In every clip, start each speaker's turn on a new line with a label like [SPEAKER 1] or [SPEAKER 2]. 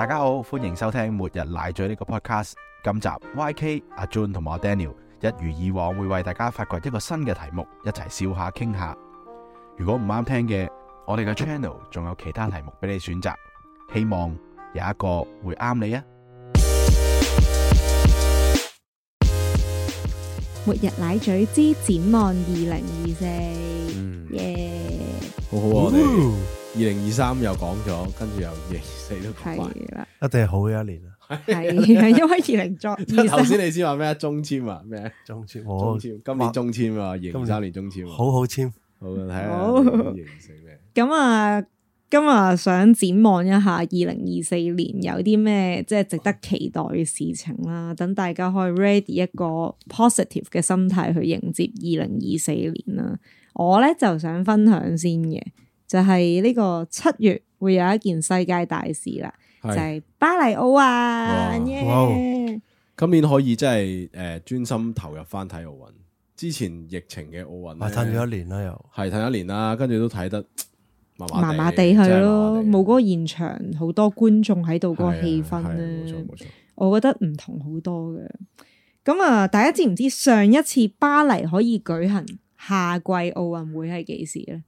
[SPEAKER 1] 大家好，歡迎收聽末日奶嘴呢個 podcast。今集 YK 阿 Jun 同埋阿 Daniel 一如以往會為大家發掘一個新嘅題目，一齊笑下傾下。如果唔啱聽嘅，我哋嘅 channel 仲有其他題目俾你選擇，希望有一個會啱你啊！
[SPEAKER 2] 末日奶嘴之展望二零二四，Yeah. 好好耶！好好啊
[SPEAKER 1] 二零二三又講咗，跟住又二零二四都講啦，的一定係好嘅一年啊！
[SPEAKER 2] 係因為二零作二三頭先你先
[SPEAKER 1] 話咩中籤啊？咩中籤？中籤？中中我今年中籤啊！二三年中籤，嗯、好好籤。好嘅，睇、哎、好，二四
[SPEAKER 2] 咩？咁 啊，今日想展望一下二零二四年有啲咩即係值得期待嘅事情啦，等大家可以 ready 一個 positive 嘅心態去迎接二零二四年啦。我咧就想分享先嘅。就係呢個七月會有一件世界大事啦，是就係巴黎奧運耶！哇 Yeah!
[SPEAKER 1] 今年可以真係誒專心投入翻睇奧運。之前疫情嘅奧運，係褪咗一年啦，又係褪一年啦，跟住都睇得麻麻地去咯，
[SPEAKER 2] 冇嗰個現場好多觀眾喺度嗰個氣氛。冇錯冇錯，錯錯我覺得唔同好多嘅。咁啊，大家知唔知上一次巴黎可以舉行夏季奧運會係幾時咧？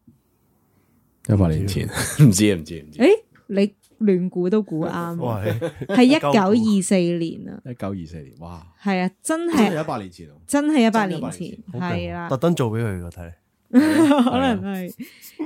[SPEAKER 1] 一百年前唔知唔知
[SPEAKER 2] 唔知，誒你亂估都估啱，係一九二四年啊！
[SPEAKER 1] 一九二四年，哇，
[SPEAKER 2] 係啊，真係一百年前，真係一百年前，係啦，特
[SPEAKER 1] 登做俾佢睇，可能係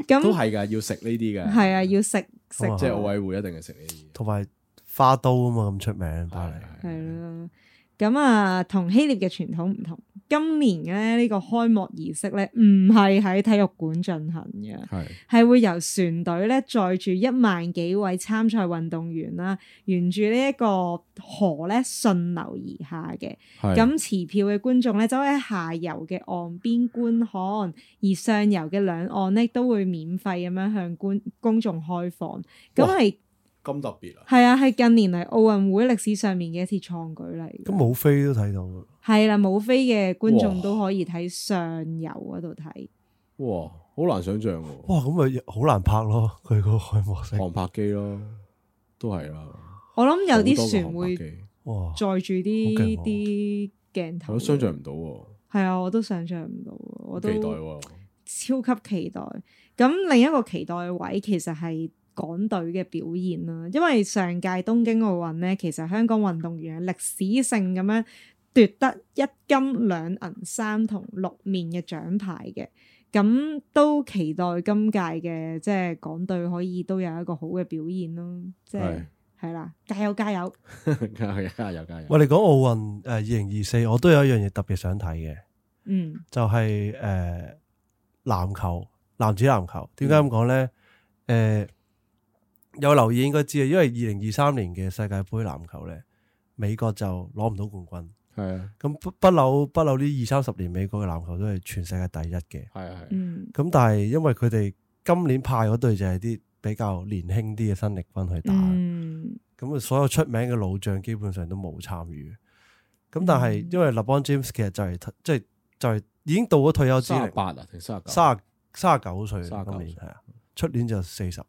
[SPEAKER 1] 咁都係噶，要食呢啲噶，係
[SPEAKER 2] 啊，要食食即係奧委
[SPEAKER 1] 會一定係食呢啲，同埋花都啊嘛咁出名巴黎，係
[SPEAKER 2] 咯，咁啊同希臘嘅傳統唔同。今年咧呢個開幕儀式咧唔係喺體育館進行嘅，係是會由船隊咧載住一萬幾位參賽運動員啦，沿住呢一個河咧順流而下嘅。咁是持票嘅觀眾咧，就喺下游嘅岸邊觀看，而上游嘅兩岸咧都會免費咁樣向觀公眾開放。咁係。
[SPEAKER 1] 咁特別
[SPEAKER 2] 啊！係啊，係近年嚟奧運會歷史上面嘅一次創舉嚟。咁冇
[SPEAKER 1] 飛都睇到㗎。
[SPEAKER 2] 係啦、啊，冇飛嘅觀眾都可以睇，上游嗰度睇。
[SPEAKER 1] 哇！好難想象。喎！哇！咁咪好難拍咯，佢個開幕式航拍機咯，都係啦。
[SPEAKER 2] 我諗有啲船會載哇載住啲啲鏡頭。我都想像唔到喎。係啊，我都想像唔到，我都期待喎。超級期待！咁另一個期待位其實係。港隊嘅表現啦，因為上屆東京奧運咧，其實香港運動員係歷史性咁樣奪得一金兩銀三銅六面嘅獎牌嘅，咁都期待今屆嘅即係港隊可以都有一個好嘅表現咯，即係係啦，加油加油
[SPEAKER 3] 加油加油加油！我哋講奧運誒，二零二四我都有一樣嘢特別想睇嘅，嗯，就係誒籃球男子籃球，點解咁講咧？誒。有留意應該知啊，因為二零二三年嘅世界盃籃球咧，美國就攞唔到冠軍。係啊。的，咁不不嬲不嬲呢二三十年，美國嘅籃球都係全世界第一嘅。係啊係，咁但係因為佢哋今年派嗰隊就係啲比較年輕啲嘅新力軍去打，咁啊、嗯、所有出名嘅老將基本上都冇參與。咁但係因為立邦、bon、James 其實就係即係就係、是就是就是、已經到咗退休之齡，八、嗯、30, 啊，三啊啊九歲今、嗯、年係啊，出年就四十。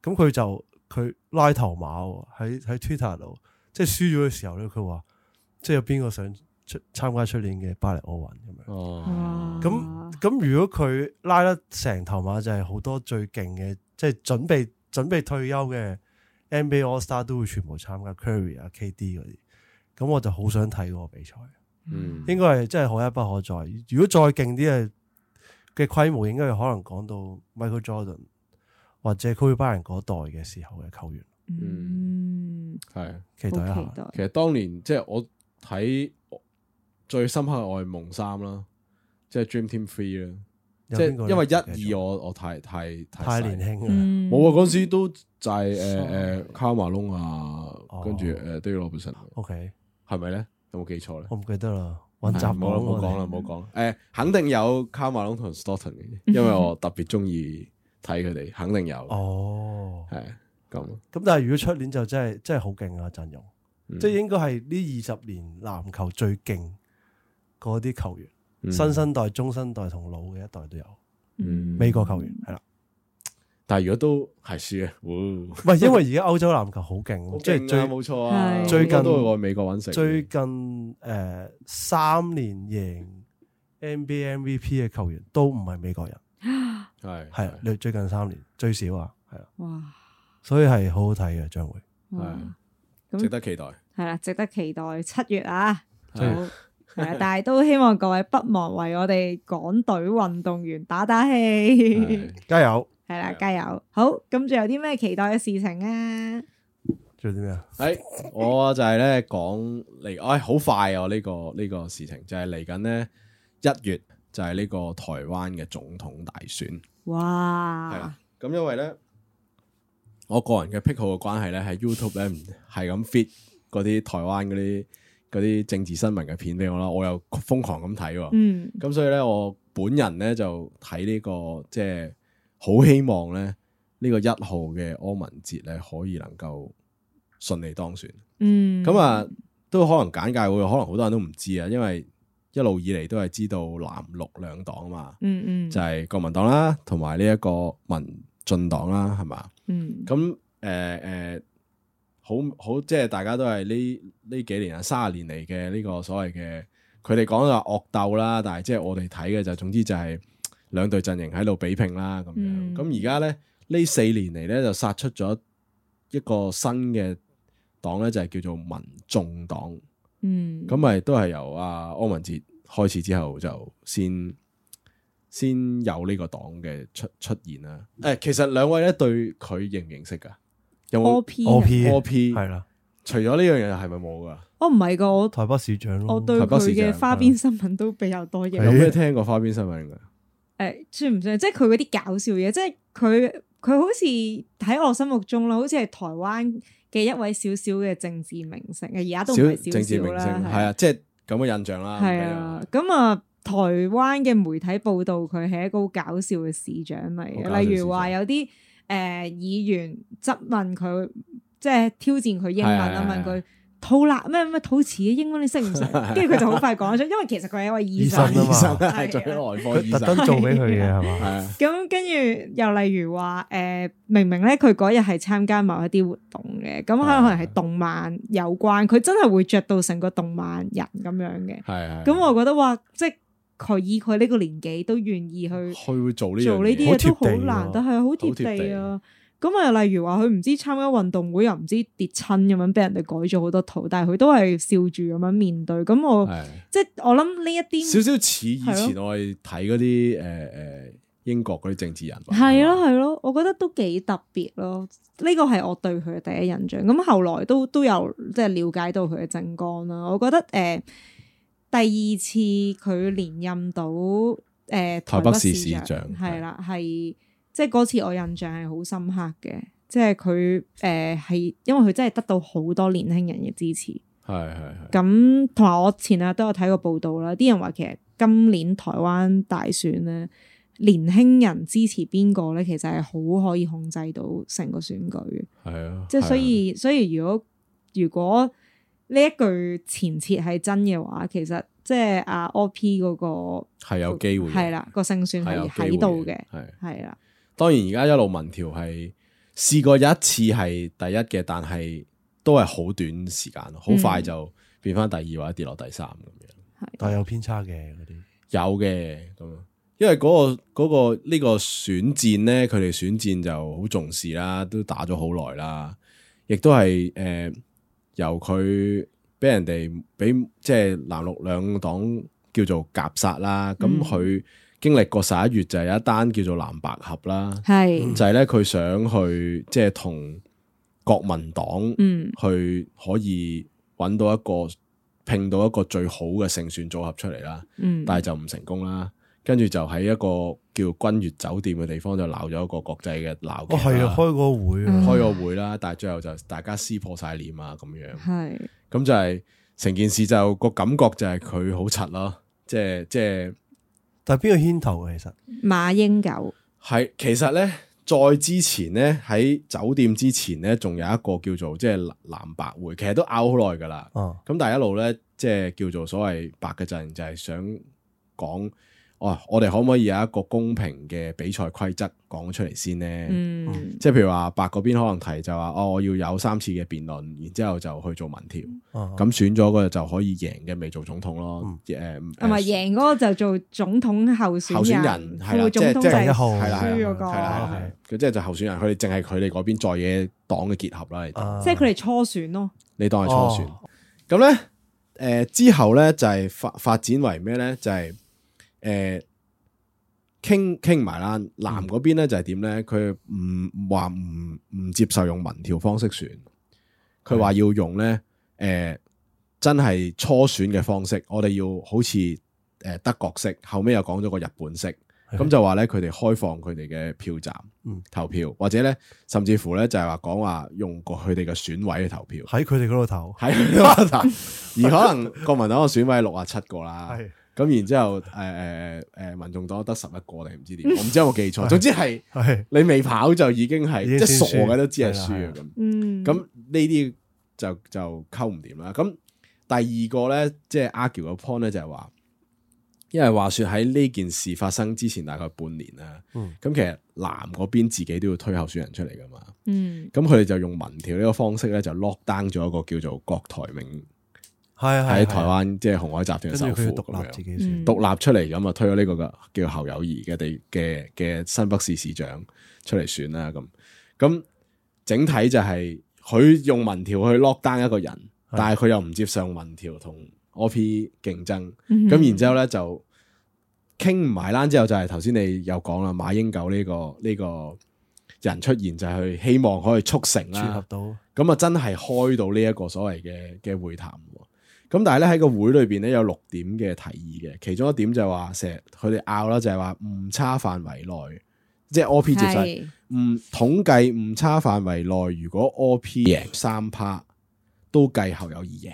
[SPEAKER 3] 咁佢就佢拉頭馬喺喺 Twitter 度，即係輸咗嘅時候咧，佢話即係有邊個想出參加出年嘅巴黎奧運咁樣。哦、啊，咁咁如果佢拉得成頭馬，就係好多最勁嘅，即係準備準備退休嘅 NBA All Star 都會全部參加 Curry、嗯、啊 KD 嗰啲。咁我就好想睇嗰個比賽。嗯，應該係真係可一不可再。如果再勁啲嘅嘅規模，應該係可能講到 Michael Jordan。或者佢巴人嗰代嘅時候嘅球員，嗯，
[SPEAKER 1] 係期待下。其實當年即係我睇最深刻嘅外夢三啦，即係 Dream Team Three 啦。即係因為一二我我太太太年輕啦，冇啊！嗰時都就係誒誒卡馬龍啊，跟住誒 David Robinson。OK，係咪咧？有冇記錯咧？我唔記得啦。搵雜講，冇講啦，冇講。誒，肯定有卡馬龍同 Stockton 嘅，因為我特別中意。睇佢哋肯定有
[SPEAKER 3] 哦，係咁咁。但係如果出年就真係真係好勁啊陣容，即係應該係呢二十年籃球最勁嗰啲球員，新生代、中生代同老嘅一代都有。嗯，美國球員係啦，
[SPEAKER 1] 但係如果都係輸嘅，唔係因為而家歐洲籃球好勁，勁啊
[SPEAKER 3] 冇錯啊。最近都去美國搵食，最近誒三年贏 NBA MVP 嘅球員都唔係美國人。係係啊！你最近三年最少啊，係啊！哇！所以係好好睇嘅，將會
[SPEAKER 2] 係值得期待，係啦，值得期待七月啊！好係啊，但係都希望各位不忘為我哋港隊運動員打打氣，加油！係啦，加油！好咁，仲有啲咩期待嘅事情啊？
[SPEAKER 1] 仲有啲咩啊？誒， 我就係咧講嚟，哎，好快啊！呢個呢個事情就係嚟緊咧一月。就係呢個台灣嘅總統大選，
[SPEAKER 2] 哇！
[SPEAKER 1] 係啦，咁因為咧，我個人嘅癖好嘅關係咧，喺 YouTube 咧係咁 fit 嗰啲台灣嗰啲啲政治新聞嘅片俾我啦，我又瘋狂咁睇啊，嗯，咁所以咧，我本人咧就睇呢個即係好希望咧呢個一號嘅柯文哲咧可以能夠順利當選，嗯，咁啊都可能簡介會可能好多人都唔知啊，因為。一路以嚟都係知道藍綠兩黨啊嘛，嗯嗯，就係國民黨啦，同埋呢一個民進黨啦，係嘛，嗯，咁誒誒，好好即係、就是、大家都係呢呢幾年啊三十年嚟嘅呢個所謂嘅，佢哋講嘅惡鬥啦，但係即係我哋睇嘅就是、總之就係兩隊陣營喺度比拼啦咁樣，咁而家咧呢四年嚟咧就殺出咗一個新嘅黨咧就係叫做民眾黨。嗯，咁咪都係由阿柯文哲開始之後就先先有呢個黨嘅出出現啦。誒、欸，其實兩位咧對佢認唔認識噶？有冇 O P O P 係啦？除咗呢樣嘢係咪冇噶？
[SPEAKER 2] 我唔係噶，我
[SPEAKER 1] 台北市長咯。我對佢嘅花邊
[SPEAKER 2] 新聞都比較多嘢。的有冇聽
[SPEAKER 1] 過花邊新聞噶？
[SPEAKER 2] 誒的、欸，算唔算？即係佢嗰啲搞笑嘢，即係佢佢好似喺我心目中啦，好似係台灣嘅一位少少嘅政治明星，而家都唔係少少啦，
[SPEAKER 1] 係啊，即係咁嘅印象啦。係、嗯、啊，
[SPEAKER 2] 咁、嗯、啊，台灣嘅媒體報道佢係一個好搞笑嘅市長嚟，長例如話有啲誒、呃、議員質問佢，即係挑戰佢英文啊。啊啊問佢。 吐啦咩咩吐詞嘅英文你識唔識？跟住佢就好快講咗，因為其實佢係一位醫生，醫生係內科特登做俾佢嘅係嘛？咁跟住又例如話誒、呃，明明咧佢嗰日係參加某一啲活動嘅，咁可能係動漫有關，佢真係會着到成個動漫人咁樣嘅。係係。咁、啊、 我覺得話，即係佢以佢呢個年紀都願意去，佢
[SPEAKER 1] 做呢做呢啲嘢都好難得，係也、哦、好貼地啊。
[SPEAKER 2] 咁啊，例如話佢唔知參加運動會又唔知跌親咁樣，俾人哋改咗好多圖，但係佢都係笑住咁樣面對。咁的我即係我諗呢一啲少少似
[SPEAKER 1] 以前我哋睇嗰啲誒誒英國嗰啲政治人物。
[SPEAKER 2] 係咯係咯，我覺得都幾特別咯。呢個係我對佢嘅第一印象。咁後來都都有即係了解到佢嘅政綱啦。我覺得誒、呃、第二次佢連任到誒、呃、台北市市長係啦，係。即係嗰次我印象係好深刻嘅，即係佢誒係因為佢真係得到好多年輕人嘅支持。係係係。咁同埋我前日都有睇過報道啦，啲人話其實今年台灣大選咧，年輕人支持邊個咧，其實係好可以控制到成個選舉。
[SPEAKER 1] 係啊，即係所以
[SPEAKER 2] 所以，如果如果呢一句前設係真嘅話，其實即係阿 OP 嗰個係
[SPEAKER 1] 有機會係啦，
[SPEAKER 2] 個勝算係喺度嘅，係係啦。
[SPEAKER 1] 當然而家一路民調係試過有一次係第一嘅，但係都係好短時間，好、嗯、快就變翻第二或者跌落第三咁樣，
[SPEAKER 3] 但有偏差嘅啲
[SPEAKER 1] 有嘅咁，因為嗰、嗰個呢、呢個選戰咧，佢哋選戰就好重視啦，都打咗好耐啦，亦都係誒、呃、由佢俾人哋俾即係藍綠兩黨叫做夾殺啦，咁佢、嗯。經歷過十一月就係，有一單叫做藍白合啦是，
[SPEAKER 2] 就係
[SPEAKER 1] 咧，佢想去即係同國民黨嗯去可以搵到一個拼到一個最好嘅勝算組合出嚟啦，嗯、但係就唔成功啦。跟住就喺一個叫君悅酒店嘅地方就鬧咗一個國際嘅鬧，哦係啊開個會，啊、開個會啦，但係最後就大家撕破晒臉啊咁樣，係咁是就係、是、成件事就個感覺就係佢好柒咯，即係即係。但係邊個牽頭嘅？其實
[SPEAKER 2] 馬英九
[SPEAKER 1] 係，其實咧，在之前咧，喺酒店之前咧，仲有一個叫做即係藍白會，其實都拗好耐噶啦。咁、哦、但係一路咧，即係叫做所謂白嘅陣，就係、是、想講。哦，我哋可唔可以有一個公平嘅比賽規則講出嚟先咧？嗯，即係譬如話白嗰邊可能提就話哦，我要有三次嘅辯論，然之後就去做民調，咁選咗嗰就可以贏嘅，咪做總統咯？誒，同埋
[SPEAKER 2] 贏嗰個就做總統候選人，副總統就係輸嗰個。係啦，
[SPEAKER 1] 佢即係就候選人，佢哋淨係佢哋嗰邊在野黨嘅結合啦，即係
[SPEAKER 2] 佢哋初選咯。
[SPEAKER 1] 你當係初選咁咧？誒之後咧就係發發展為咩咧？就係誒，傾傾埋啦，藍嗰邊咧就係點咧？佢唔話唔唔接受用民調方式選，佢話要用咧，誒、呃，真係初選嘅方式。我哋要好似誒德國式，後尾又講咗個日本式，咁的就話咧佢哋開放佢哋嘅票站，的投票或者咧，甚至乎咧就係話講話用佢哋嘅選委去投票，喺佢哋嗰度投，喺佢哋嗰度投。 而可能國民黨嘅選委六啊七個啦，咁然之後，誒誒誒，民眾黨得十一個你唔知點？ 我唔知有冇記錯。是總之係你未跑就已經係，是即係傻嘅都知係輸嘅咁。咁呢啲就就溝唔掂啦。咁第二個咧，即係阿喬嘅 point 咧就係話，因為話說喺呢件事發生之前大概半年啦。咁、嗯、其實藍嗰邊自己都要推候選人出嚟噶嘛。咁佢哋就用民調呢個方式咧，就 lock down 咗一個叫做郭台銘。係喺台灣，即係鴻海集團首富咁樣，獨立、嗯、立出嚟咁啊，推咗呢、這個嘅叫侯友宜嘅地嘅嘅新北市市長出嚟選啦，咁咁整體就係、是、佢用民調去 lock down 一個人，是的 但係佢又唔接上民調同 OP 競爭，咁、嗯、哼 然之後咧就傾唔埋欄之後，就係頭先你又講啦，馬英九呢、這個呢、這個人出現就是、去希望可以促成啦，咁啊的真係開到呢一個所謂嘅嘅會談。咁但係咧喺個會裏邊咧有六點嘅提議嘅，其中一點就係話成日佢哋拗啦，就係話誤差範圍內，即係 OP 其實，唔是統計誤差範圍內，如果 OP 贏三 part 都計後有意義，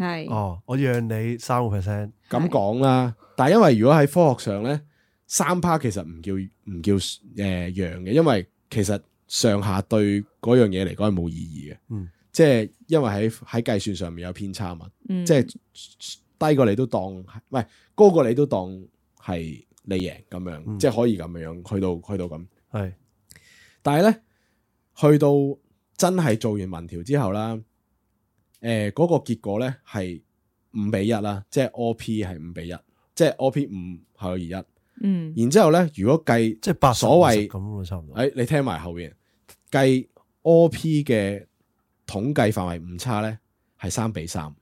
[SPEAKER 1] 係是哦，我讓你三個 percent 咁講啦。但係因為如果喺科學上咧，三 part 其實唔叫唔叫誒、呃、讓嘅，因為其實上下對嗰樣嘢嚟講係冇意義嘅。嗯。即係因為喺喺計算上面有偏差嘛，嗯、即係低過你都當，唔係高過你都當係你贏咁樣，嗯、即係可以咁樣樣去到去到咁。係是，但係咧去到真係做完民調之後啦，誒、呃、嗰、那個結果咧係五比一啦，即係 OP 係五比一，即係 OP 五係二一。嗯，然之後咧如果計即係八，所謂咁差唔多。誒是、哎，你聽埋後邊計 OP 嘅。統計範圍誤差咧係三比三，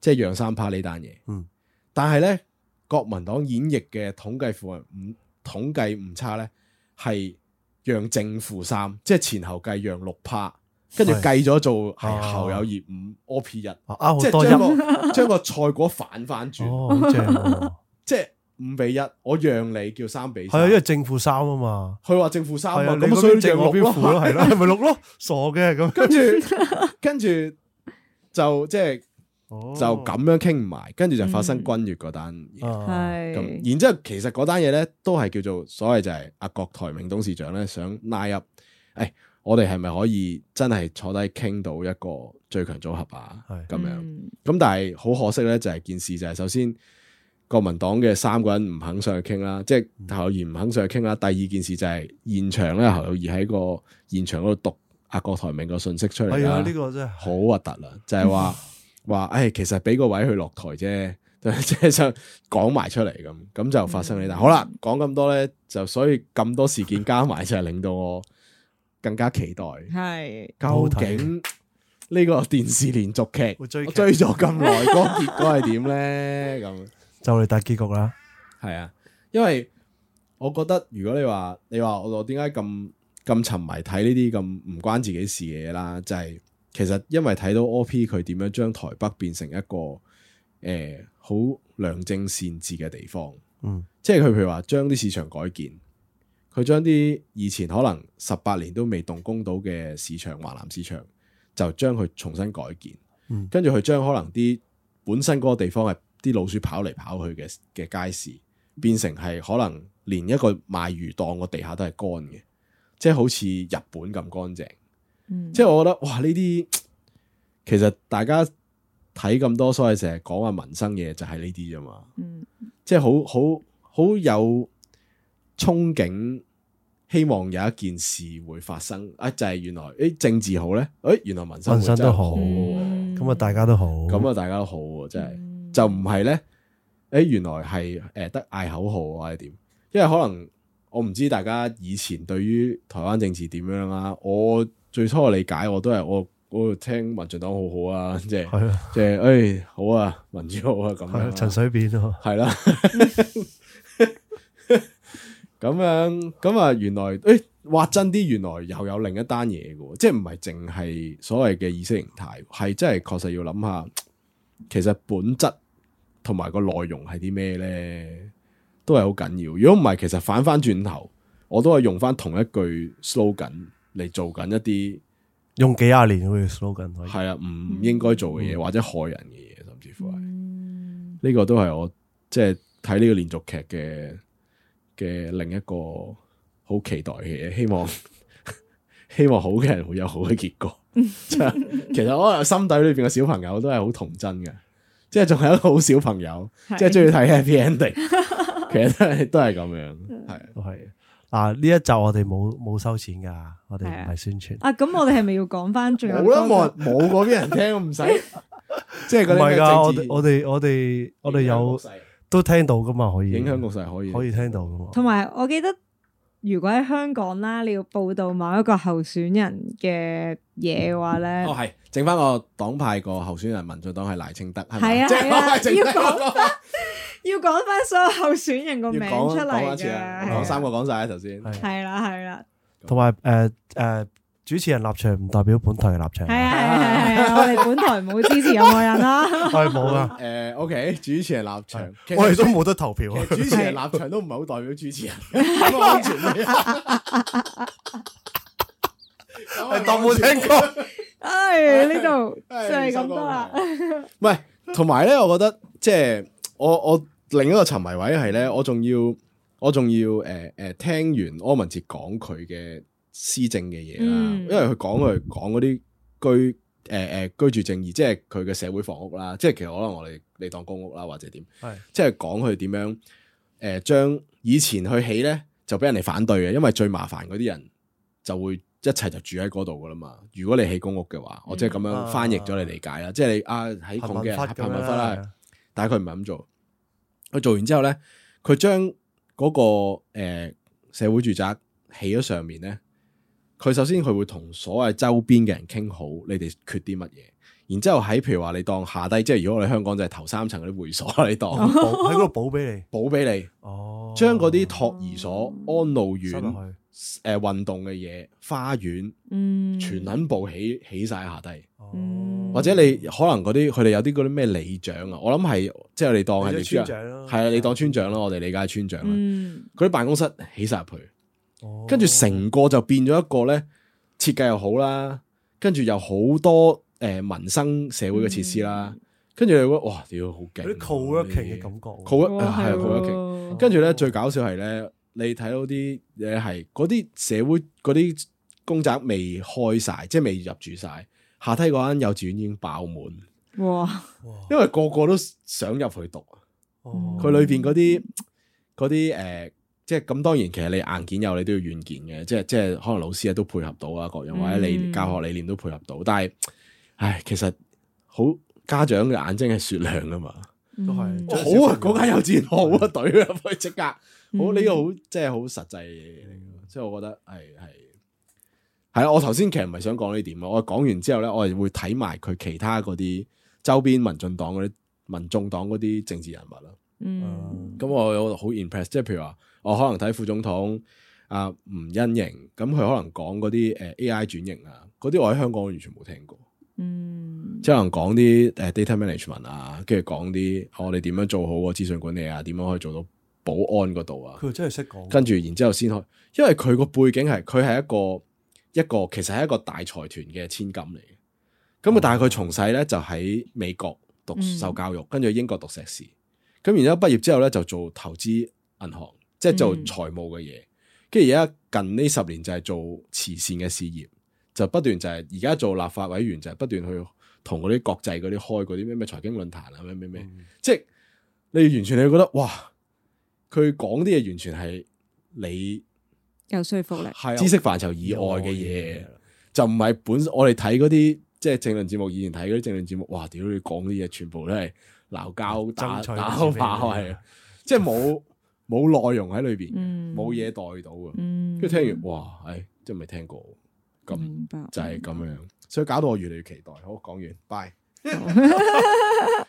[SPEAKER 1] 即係讓三趴呢單嘢。嗯，但係咧國民黨演繹嘅統計範圍唔統計誤差咧係讓正負三，即係前後計讓六趴，跟住計咗做係、啊、侯友宜五，op 一、啊，啊、即係將個將個賽果反翻轉，哦啊、即係。五比一，我讓你叫三比四。係啊，因為
[SPEAKER 3] 正負三啊嘛。佢話正負三啊，咁所以正六咯，係啦， 咪六咯。
[SPEAKER 1] 傻嘅咁，跟住跟住就即係就咁、是哦、樣傾唔埋，跟住就發生君悅嗰單嘢。
[SPEAKER 2] 係、嗯。
[SPEAKER 1] 咁、啊，然之後其實嗰單嘢咧，都係叫做所謂就係阿郭台銘董事長咧，想拉入。誒、哎，我哋係咪可以真係坐低傾到一個最強組合啊？係咁的、嗯、樣。咁但係好可惜咧，就係件事就係首先。國民黨嘅三個人唔肯上去傾啦，即係侯友宜唔肯上去傾啦。第二件事就係現場咧，侯友宜喺個現場嗰度讀阿郭台銘個信息出嚟。係啊，呢個真係好核突啦！就係話話，誒、 哎，其實俾個位去落台啫，即係想講埋出嚟咁，咁就發生呢啲。 好啦，講咁多咧，就所以咁多事件加埋，就係令到我更加期待。
[SPEAKER 2] 係， 是究竟
[SPEAKER 1] 呢個電視連續劇我，我追咗咁耐，那個結果係點咧？咁。 就嚟大結局啦，係啊，因為我覺得如果你話，你話我點解咁咁沉迷睇呢啲咁唔關自己的事嘅嘢啦，就係、是、其實因為睇到柯 P 佢點樣將台北變成一個誒好、呃、良政善治嘅地方，嗯，即係佢譬如話將啲市場改建，佢將啲以前可能十八年都未動工到嘅市場華南市場就將佢重新改建，嗯，跟住佢將可能啲本身嗰個地方係啲老鼠跑嚟跑去嘅嘅街市，嗯、變成係可能連一個賣魚檔個地下都係乾嘅，即係好似日本咁乾淨。嗯、即係我覺得，哇！呢啲其實大家睇咁多所謂成日講啊民生嘢，就係呢啲啫嘛。即係好好好有憧憬，希望有一件事會發生啊！就係、是、原來誒、哎、政治好咧，誒、哎、原來民生，民生都好，咁啊、嗯、大家都好，咁啊大家都好喎，真係、嗯。就唔係咧，誒、欸、原來係誒、欸、得嗌口號啊，定點？因為可能我唔知大家以前對於台灣政治點樣啊。我最初嘅理解，我都係我我聽民進黨好好啊，即係即係誒好啊，民主好啊咁樣啊啊。陳水扁咯、啊，係啦是、啊。咁 樣咁啊，原來誒話、欸、真啲，原來又有另一單嘢嘅，即係唔係淨係所謂嘅意識形態，係真係確實要諗下其實本質。同埋個內容係啲咩咧？都係好緊要。如果唔係，其實反翻轉頭，我都係用翻同一句 slogan 嚟做緊一啲用幾廿年好似 slogan，係啊，唔應該做嘅嘢、嗯、或者害人嘅嘢，甚至乎係呢、嗯、個都係我即係睇呢個連續劇嘅嘅另一個好期待嘅嘢。希望 希望好嘅人會有好嘅結果。 其實我心底裏邊嘅小朋友都係好童真嘅。即係仲係一個好小朋友，即係中意睇 happy ending，其實都係都係咁樣，係都係。嗱呢一集我哋冇冇收
[SPEAKER 3] 錢噶，我哋唔係宣傳。
[SPEAKER 2] 啊，咁我哋係咪要講翻最後？冇啦，冇冇嗰
[SPEAKER 3] 啲人聽，唔使。即係唔係噶，我哋我哋我哋有都聽到噶
[SPEAKER 1] 嘛，可以影響局勢，可以可以聽到噶。
[SPEAKER 2] 同埋，我記得。如果喺香港啦，你要報道某一個候選人嘅嘢嘅話咧，哦，
[SPEAKER 1] 係整翻個黨派個候選人，民進黨係賴清德，係咪？係啊， 要講
[SPEAKER 2] 翻，要講翻所有候選人個名出嚟嘅，講的三
[SPEAKER 1] 個講曬頭先，
[SPEAKER 2] 係啦係啦，
[SPEAKER 3] 同埋誒誒。主持人立場唔代表本台嘅立場是
[SPEAKER 2] 是是是。係啊，係係，我哋本台唔會支持任何人啦、
[SPEAKER 1] 啊 嗯。係冇噶。誒，O K，主持人立場，我哋實實都冇得投票。主持人立場都唔係好代表主持人。
[SPEAKER 2] 係
[SPEAKER 1] 當冇聽過。唉、 哎，呢度就係
[SPEAKER 2] 咁多啦。
[SPEAKER 1] 唔係，同埋咧，我覺得即係我我，我另一個沉迷位係咧，我仲要我仲要誒誒、呃、聽完柯文哲講佢嘅施政嘅嘢啦，因為佢講佢講嗰啲居誒誒居住正義即係佢嘅社會房屋啦，即係其實可能我哋你當公屋啦，或者點，即係講佢點樣誒將以前去起咧就俾人哋反對嘅，因為最麻煩嗰啲人就會一齊就住喺嗰度噶啦嘛。如果你起公屋嘅話，我即係咁樣翻譯咗你理解啦，即係你啊喺講嘅和平民啦，但係佢唔係咁做，佢做完之後咧，佢將嗰個社會住宅起咗上面咧。佢首先佢會同所謂周邊嘅人傾好你 market，你哋缺啲乜嘢？然之後喺譬如話你，你當下低，即係如果我哋香港就係頭三層嗰啲會所你當，喺嗰度補俾你，補俾你。哦，將嗰啲托兒所、安老院、誒、啊、運動嘅嘢、花園，
[SPEAKER 2] 全
[SPEAKER 1] 全嗯，全狠部起起曬下低。或者你可能嗰啲佢哋有啲嗰啲咩理想、就是、長啊，我諗係即係你當係村長，係啊，你當村長啦，我哋理解村長啦。啲、嗯、辦公室起晒入去。跟住成個就變咗一個咧，設計又好啦，跟住又好多誒民生社會嘅設施啦，跟住、嗯、你話哇，屌好勁，
[SPEAKER 3] 有啲 co-working 嘅感覺，co 係啊 co-working，
[SPEAKER 1] 跟住咧最搞笑係咧，你睇到啲嘢係嗰啲社會嗰啲公宅未開晒，即係未入住晒，下梯嗰間幼稚園已經爆滿，哇，哇因為個個都想入去讀，佢裏邊嗰啲啲誒。即係咁，當然其實你硬件有，你都要軟件嘅，即係即係可能老師啊都配合到啊各樣，或者你教學理念都配合到。但係，唉，其實好家長嘅眼睛係雪亮啊嘛，都係是、哦、好啊！嗰間幼稚園好啊隊啊，可以即對 刻好呢、嗯、個好即係好實際嘅，即係對 我覺得係係係啊！我頭先其實唔係想講呢點啊，我講完之後咧，我係會睇埋佢其他嗰啲周邊民進黨嗰啲民眾黨嗰啲政治人物啦。咁、嗯嗯、我有好 impress，即係譬如話。我可能睇副總統啊、呃、吳欣盈，咁佢可能講嗰啲誒 AI 轉型啊，嗰啲我喺香港完全冇聽過。嗯，即係可能講啲誒 data management 啊，跟住講啲我哋點樣做好個資訊管理啊，點樣可以做到保安嗰度啊。佢
[SPEAKER 3] 真係識講。跟
[SPEAKER 1] 住然之後先開，因為佢個背景係佢係一個一個其實係一個大財團嘅千金嚟嘅。咁啊、哦，但係佢從細咧就喺美國讀,讀受教育，跟住英國讀碩士。咁、嗯、然之後,後畢業之後咧就做投資銀行。即係做財務嘅嘢，跟住而家近呢十年就係做慈善嘅事業，就不斷就係而家做立法委員，就係不斷去同嗰啲國際嗰啲開嗰啲咩咩財經論壇啊咩咩咩，即係你完全你覺得哇，佢講啲嘢完全係你
[SPEAKER 2] 有說服力，知識
[SPEAKER 1] 範疇以外嘅嘢，就唔係本我哋睇嗰啲即係政論節目，以前睇嗰啲政論節目，哇，屌你講啲嘢全部都係鬧交打打破壞，即係冇。 冇內容喺裏邊，冇嘢、嗯、待到嘅，跟住、嗯、聽完，哇，唉，真係未聽過，咁明白就係咁樣，所以搞到我越嚟越期待。好，講完，拜，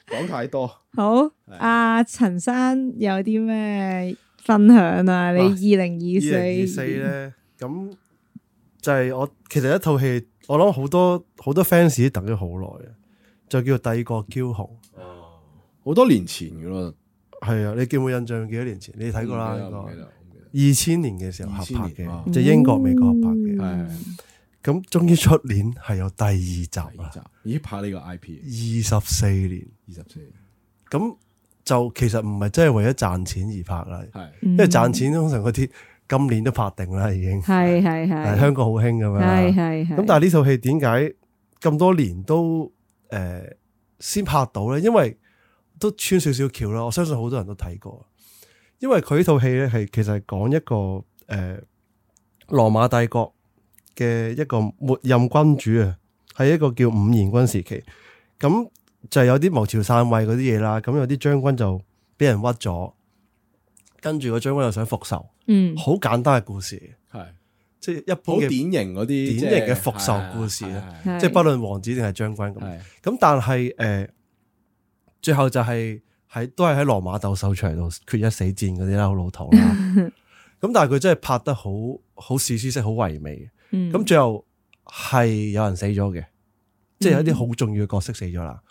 [SPEAKER 2] 講太多。好，阿陳是、啊、生有啲咩分享啊？你二零二四二四咧，
[SPEAKER 3] 咁、嗯、就係我其實一套戲，我諗好多好多 fans 都等咗好耐啊，就叫《帝國驕雄》嗯，好多年前噶啦。係啊，你記冇印象？幾多年前你睇過啦，應該二千年嘅時候合拍嘅，即係英國、美國合拍嘅。咁終於出年係有第二集啊！
[SPEAKER 1] 咦，拍呢個 IP 二
[SPEAKER 3] 十四年，二十四年咁就其實唔係真係為咗賺錢而拍啦，係因為賺錢通常嗰啲今年都拍定啦，已經係係係香港好興咁樣，係係。咁但係呢套戲點解咁多年都誒先拍到咧？因為都穿少少橋啦。我相信好多人都睇過，因為佢呢套戲咧係其實係講一個誒羅馬帝國嘅一個末任君主啊，係一個叫五賢君時期，咁就係有啲謀朝散位嗰啲嘢啦，咁有啲將軍就俾人屈咗，跟住個將軍又想復仇，嗯，好簡單嘅故事，係即係一部典
[SPEAKER 1] 型嗰啲典型嘅復仇
[SPEAKER 3] 故事啦，即係不論王子定係將軍咁，咁但係誒。最後就係、是、喺都係喺羅馬鬥獸場度決一死戰嗰啲啦，好老土啦。咁 但係佢真係拍得好好史詩式，好唯美嘅。咁、嗯、最後係有人死咗嘅，即係有一啲好重要嘅角色死咗啦。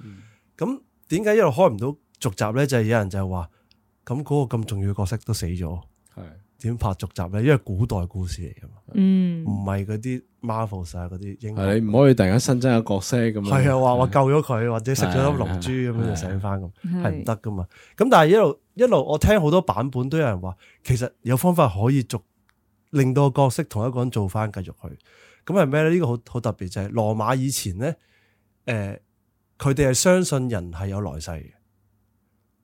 [SPEAKER 3] 咁點解一路開唔到續集咧？就係、是、有人就係話，咁、那、嗰個咁重要嘅角色都死咗。係、嗯。點拍續集咧？因為古代故事嚟嘅嘛，唔係嗰啲 Marvel 世界嗰啲英雄，你
[SPEAKER 1] 唔可以突然間新增個角色咁。係啊，話話
[SPEAKER 3] 救咗佢，或者食咗粒龍珠咁就醒翻咁，係唔得噶嘛。咁的但係一路一路，我聽好多版本都有人話，其實有方法可以續，令到個角色同一個人做翻繼續去。咁係咩咧？呢、這個好好特別就係、是、羅馬以前咧，誒、呃，佢哋係相信人係有來世嘅，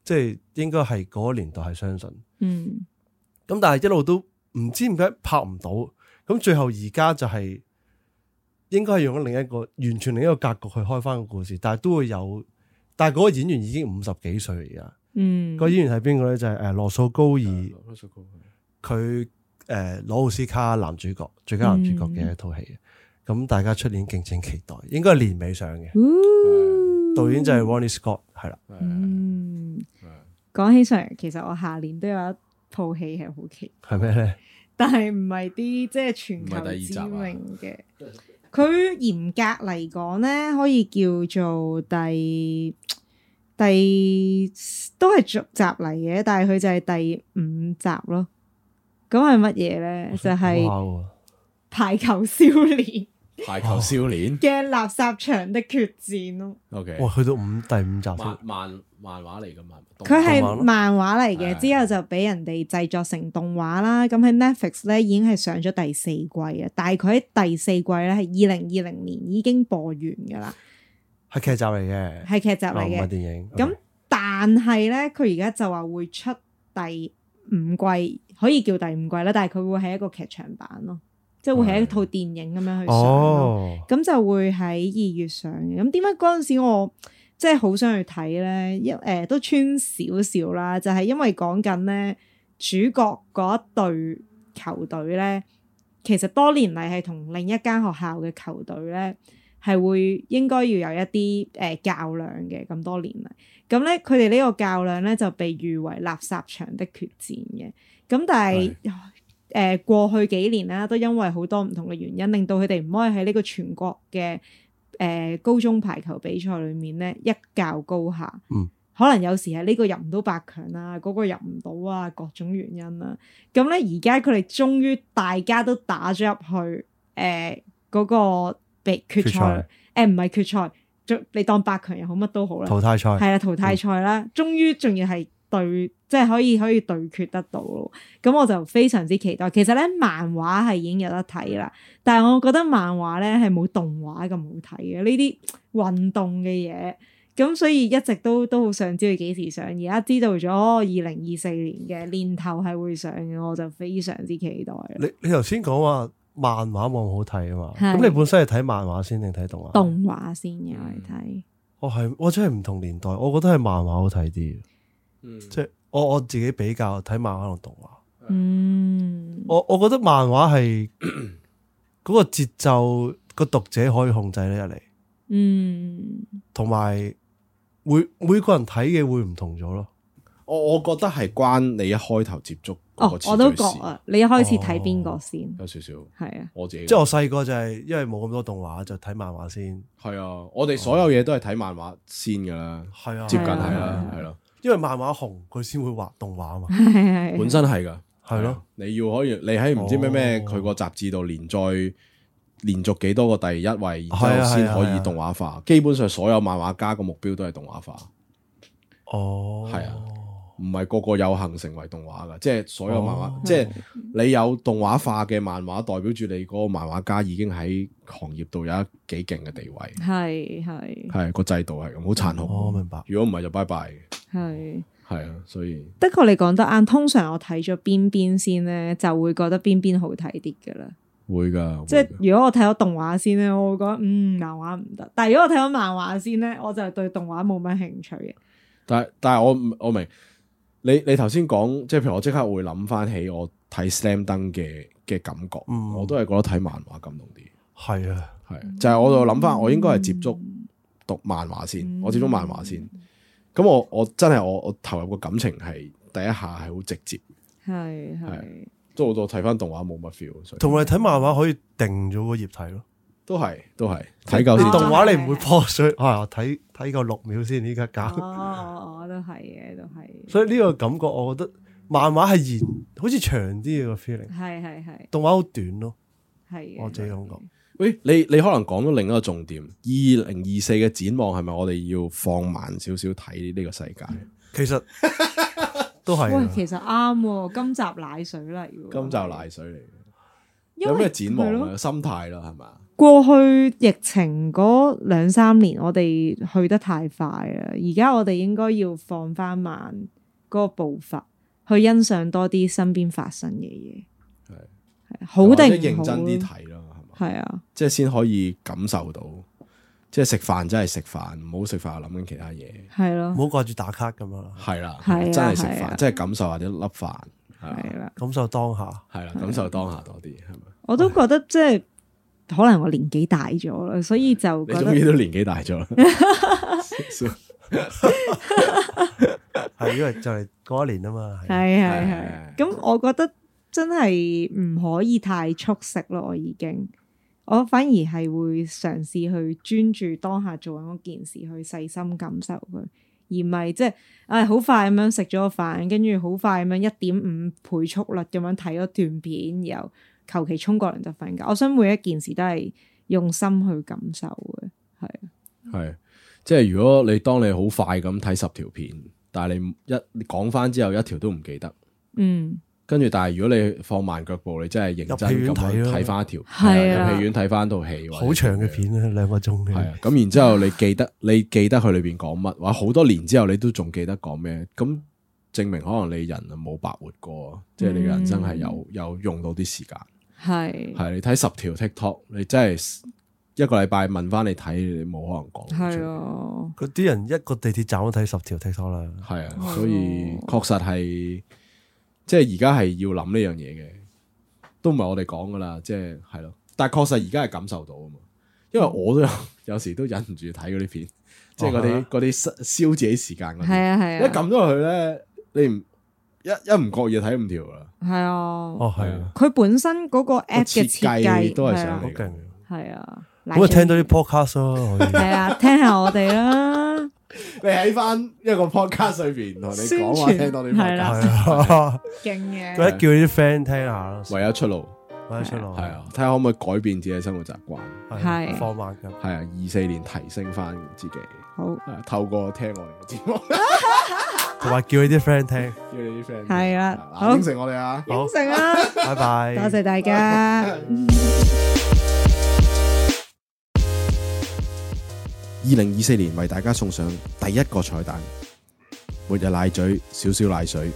[SPEAKER 3] 即、就、係、是、應該係嗰個年代係相信。嗯。咁但係一路都唔知點解拍唔到，咁最後而家就係應該係用咗另一個完全另一個格局去開翻個故事，但係都會有，但係嗰個演員已經五十幾歲而家，嗯，個演員係邊個咧？就係誒羅素高爾，佢誒攞奧斯卡男主角最佳男主角嘅一套戲，咁、嗯、大家出年敬請期待，應該係年尾上嘅，哦、導演就係 Ronnie Scott 係啦，講、嗯、起上其
[SPEAKER 2] 實我下年都有一。部戲係好奇，係咩咧？但係唔係啲即係全球知名嘅，佢嚴格嚟講咧，可以叫做第第都係續集嚟嘅，但係佢就係第五集咯。咁係乜嘢咧？就係排球少年。
[SPEAKER 1] 排球少年
[SPEAKER 2] 嘅垃圾場的決戰咯。
[SPEAKER 1] OK，哇，去到五第五集，漫漫畫嚟嘅漫，佢係
[SPEAKER 2] 漫畫嚟嘅，係嘅。之後就俾人哋製作成動畫啦。咁喺 Netflix 咧已經係上咗第四季啊，但係佢喺第四季咧係二零二零年已經播完噶啦，
[SPEAKER 3] 係劇集嚟嘅，係劇集嚟嘅、哦、唔係電影。咁
[SPEAKER 2] 但係咧，佢而家就話會出第五季，可以叫第五季啦，但係佢會係一個劇場版咯。即係會係一套電影咁樣去上咯，咁、oh. 就會喺二月上嘅。咁點解嗰陣時我即係好想去睇咧？一誒、呃、都穿少少啦，就係、係、因為講緊咧主角嗰一隊球隊咧，其實多年嚟係同另一間學校嘅球隊咧，係會應該要有一啲誒較量嘅。咁、呃、多年嚟，咁咧佢哋呢個較量咧就被譽為垃圾場的決戰嘅。咁但係。誒過去幾年啦、啊，都因為好多唔同嘅原因，令到佢哋唔可以喺呢個全國嘅誒、呃、高中排球比賽裏面咧一較高下。嗯，可能有時係呢個入唔到八強啊，嗰、那個入唔到啊，各種原因啦、啊。咁咧而家佢哋終於大家都打咗入去誒嗰、呃那個比決賽，誒唔係決賽，你當八強又好，乜都好啦。淘汰賽係啦，淘汰賽啦，終於仲要係。對，即係可以可以對決得到咯。咁我就非常之期待。其實咧，漫畫係已經有得睇啦。但係我覺得漫畫咧係冇動畫咁好睇嘅。呢啲運動嘅嘢，咁所以一直都都好想知佢幾時上。而家知道咗二零二四年嘅年頭係會上嘅，我就非常之期待
[SPEAKER 3] 你。你你頭先講話漫畫冇咁好睇啊嘛？咁的你本身係睇漫畫先定睇動畫？動
[SPEAKER 2] 畫先嘅
[SPEAKER 3] 我係、嗯，我真係唔同年代，我覺得係漫畫好睇啲。即係我我自己比較睇，漫畫同動畫，嗯，我我覺得漫畫係嗰個節奏，個讀者可以控制得嚟，嗯，同埋
[SPEAKER 1] 每每個人睇嘅會唔同咗咯。我我覺得係關你一開頭接觸，哦，我都覺啊，你一開始睇
[SPEAKER 2] 邊個先，有少少係啊，我自己即係我
[SPEAKER 3] 細個就係因為冇咁多動畫，就睇漫畫先，係啊，我哋所有嘢都係睇漫畫
[SPEAKER 1] 先噶啦，係啊，接近係啊。係咯。
[SPEAKER 3] 因為漫畫紅佢先會畫動畫啊嘛，
[SPEAKER 2] 的本身係噶，
[SPEAKER 1] 係咯的，的你要可以你喺唔知咩咩佢個雜誌度連載連續幾多個第一位，的然之後先可以動畫化。基本上所有漫畫家個目標都係動畫化。哦，係啊。唔係個個有幸成為動畫噶，即係所有漫畫，哦、即係你有動畫化嘅漫畫，代表住你嗰個漫畫家已經喺行業度有一幾勁嘅地位。係係係個制度係咁好殘酷、哦。我明白。如果唔係就拜拜。係係係、嗯、啊，所以
[SPEAKER 2] 的確你講得啱。通常我睇咗邊邊先咧，就會覺得邊邊好睇啲噶啦。
[SPEAKER 1] 會噶，
[SPEAKER 2] 即係如果我睇咗動畫先咧，我會覺得嗯漫畫唔得。但係如果我睇咗漫畫先咧，我就係對動畫冇乜興趣嘅。
[SPEAKER 1] 但係但係我我明。你你頭先講，即係譬如我即刻會諗翻起我睇《Slam Dunk》嘅嘅感覺，嗯、我都係覺得睇漫畫感動啲。係啊，係就係、是、我就諗翻，我應該係接觸、嗯、讀漫畫先，嗯、我接觸漫畫先。咁、嗯、我我真係我我投入個感情係第一下係好直接，係係是是。都好多睇翻動畫冇乜 feel，同埋睇漫畫可以定咗個頁睇咯。都係，都係睇夠先。動畫你唔會破
[SPEAKER 3] 水吓，睇睇夠六秒先，依家搞。
[SPEAKER 2] 哦，我都係嘅，都係。
[SPEAKER 3] 所以呢個感覺，我覺得漫畫係延，好似長啲嘅 feeling。
[SPEAKER 2] 係係係。動
[SPEAKER 3] 畫好短咯，
[SPEAKER 2] 係我自
[SPEAKER 1] 己咁講。喂，你你可能講咗另一個重點，二零二四嘅展望係咪我哋要放慢少少睇呢個世界？其實都係。喂，其
[SPEAKER 2] 實啱喎，今集奶水嚟喎。今
[SPEAKER 1] 集奶水嚟
[SPEAKER 2] 嘅。有咩展望啊？
[SPEAKER 1] 心態咯，係咪？
[SPEAKER 2] 過去疫情嗰兩三年，我哋去得太快喇！而家我哋應該要放翻慢嗰步伐，去欣賞多啲身邊發生嘅嘢。係係好，定係認真啲睇咯，係咪？
[SPEAKER 1] 係啊，即係先可以感受到，即係食飯真係食飯，唔好食飯又諗緊其他嘢。係咯，唔好掛住打卡咁咯。係啦，真係食飯，即係感受下啲粒飯。係啦，感受當下。係啦，感受當下多啲，係
[SPEAKER 2] 咪？我都覺得即係。可能我年紀大咗啦，所以就覺得你終於都
[SPEAKER 1] 年紀大咗啦。
[SPEAKER 3] 係因為就係過一年啊嘛。係係係。
[SPEAKER 2] 咁我覺得真係唔可以太速食咯。我已經，我反而係會嘗試去專注當下做緊嗰件事，去細心感受佢，而唔係即係唉好快咁樣食咗個飯，跟住好快咁樣一點五倍速率咁樣睇咗段片，然後。求其衝過涼就瞓覺。我想每一件事都係用心去感受嘅，係
[SPEAKER 1] 係即係如果你當你好快咁睇十條片，但係你一你講翻之後一條都唔記得。嗯。跟住但係如果你放慢腳步，你真係認真咁睇翻一條，喺戲院睇翻套戲，好長嘅片咧，啊，兩個鐘嘅。係啊。咁然之後你記得你記得佢裏邊講乜，或者好多年之後你都仲記得講咩，咁證明可能你人冇白活過，嗯、即係你人生係有有用到啲時間。係係，你睇十條 TikTok，你真係一個禮拜問翻你睇，你冇可能
[SPEAKER 2] 講係啊！
[SPEAKER 1] 嗰啲人一個地鐵站都睇十條 TikTok 啦，係啊，所以確實係即係而家係要諗呢樣嘢嘅，都唔係我哋講噶啦，即係係咯。但係確實而家係感受到啊嘛，因為我都有有時都忍唔住睇嗰啲片，即係嗰啲啲消自己時間嗰啲。係啊係啊，一撳咗佢咧，你唔～一一唔覺意睇唔條啦，
[SPEAKER 2] 係啊，哦係啊，佢本身嗰個 app 嘅設計都係想好勁，係啊，咁啊聽
[SPEAKER 1] 到啲 podcast，
[SPEAKER 2] 係啊，聽下我哋啦，
[SPEAKER 1] 你喺翻一個 podcast 裏邊同你講話，聽到你係啦，勁嘅，或者叫啲 friend 聽下咯，唯一出路，唯一出路係啊，睇下可唔可以改變自己嘅生活習慣，係，方法嘅，係啊，二四年提升翻自己，
[SPEAKER 2] 好，
[SPEAKER 1] 透過聽我哋嘅節目。同埋叫你啲 friend 聽，
[SPEAKER 2] 叫你啲 friend 係啦，支持我哋啊，支持啊，好啊拜拜。 多謝大家。
[SPEAKER 1] 二零二四年為大家送上第一個彩蛋，每日奶嘴少少奶水，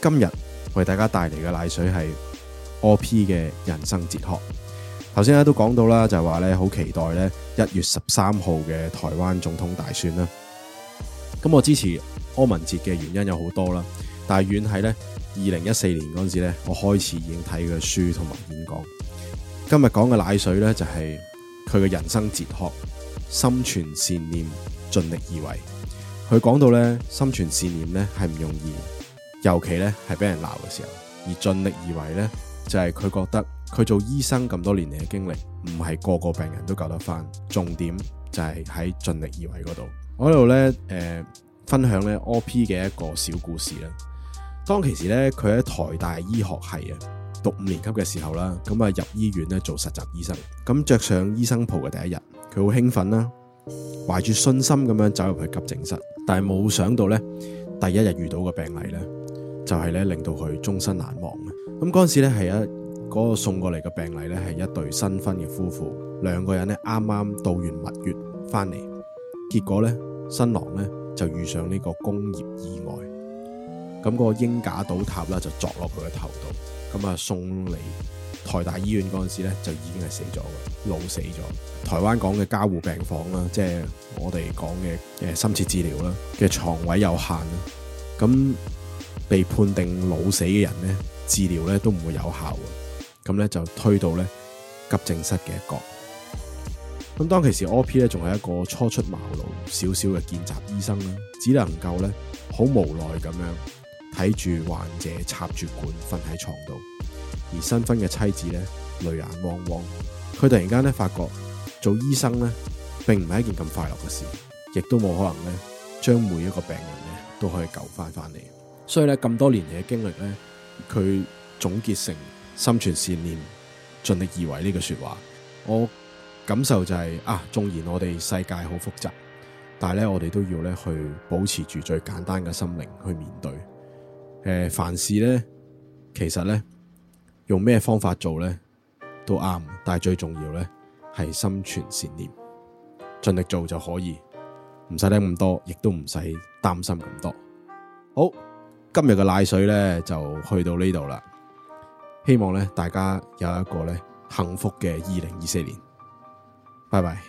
[SPEAKER 1] 今日為大家帶嚟嘅奶水係 OP 嘅人生哲學。頭先咧都講到啦，就係話咧好期待咧一月十三號嘅台灣總統大選啦。咁我支持。柯文哲嘅原因有好多啦，但係遠喺咧，二零一四年嗰陣時咧，我開始已經睇佢嘅書同埋演講。今日講嘅奶水咧，就係佢嘅人生哲學，心存善念，盡力而為。佢講到咧，心存善念咧係唔容易，尤其咧係俾人鬧嘅時候。而盡力而為咧，就係佢覺得佢做醫生咁多年嚟嘅經歷，唔係個個病人都救得翻。重點就係喺盡力而為嗰度。我喺度咧，誒、呃。分享咧，OP 嘅一個小故事啦。當其時咧，佢喺台大醫學系啊，讀五年級嘅時候啦，咁啊入醫院咧做實習醫生。咁着上醫生袍嘅第一日，佢好興奮啦，懷住信心咁樣走入去急症室，但係冇想到咧，第一日遇到個病例咧，就係咧令到佢終身難忘嘅。咁嗰陣時咧係一嗰個送過嚟嘅病例咧係一對新婚嘅夫婦，兩個人咧啱啱度完蜜月返嚟，結果咧新郎咧。就遇上呢個工業意外，咁個鷹架倒塌啦，就砸落佢嘅頭度，咁啊送嚟台大醫院嗰陣時咧，就已經係死咗嘅，腦死咗。台灣講嘅加護病房啦，即係我哋講嘅誒深切治療啦，嘅床位有限啦，咁被判定腦死嘅人咧，治療咧都唔會有效嘅，咁咧就推到咧急症室嘅一角。咁當其時，OP 咧仲係一個初出茅廬、少少嘅見習醫生啦，只能夠咧好無奈咁樣睇住患者插住管瞓喺床度，而新婚嘅妻子咧淚眼汪汪，佢突然間咧發覺做醫生咧並唔係一件咁快樂嘅事，亦都冇可能咧將每一個病人咧都可以救翻翻嚟，所以咧咁多年嘅經歷咧，佢總結成心存善念、盡力而為呢句說話，我。感受就係、是、啊，縱然我哋世界好複雜，但係咧，我哋都要咧去保持住最簡單嘅心靈去面對。誒、呃，凡事咧，其實咧用咩方法做咧都啱，但係最重要咧係心存善念，盡力做就可以，唔使諗咁多，亦都唔使擔心咁多。好，今日嘅奶水咧就去到呢度啦。希望咧大家有一個咧幸福嘅二零二四年。拜拜。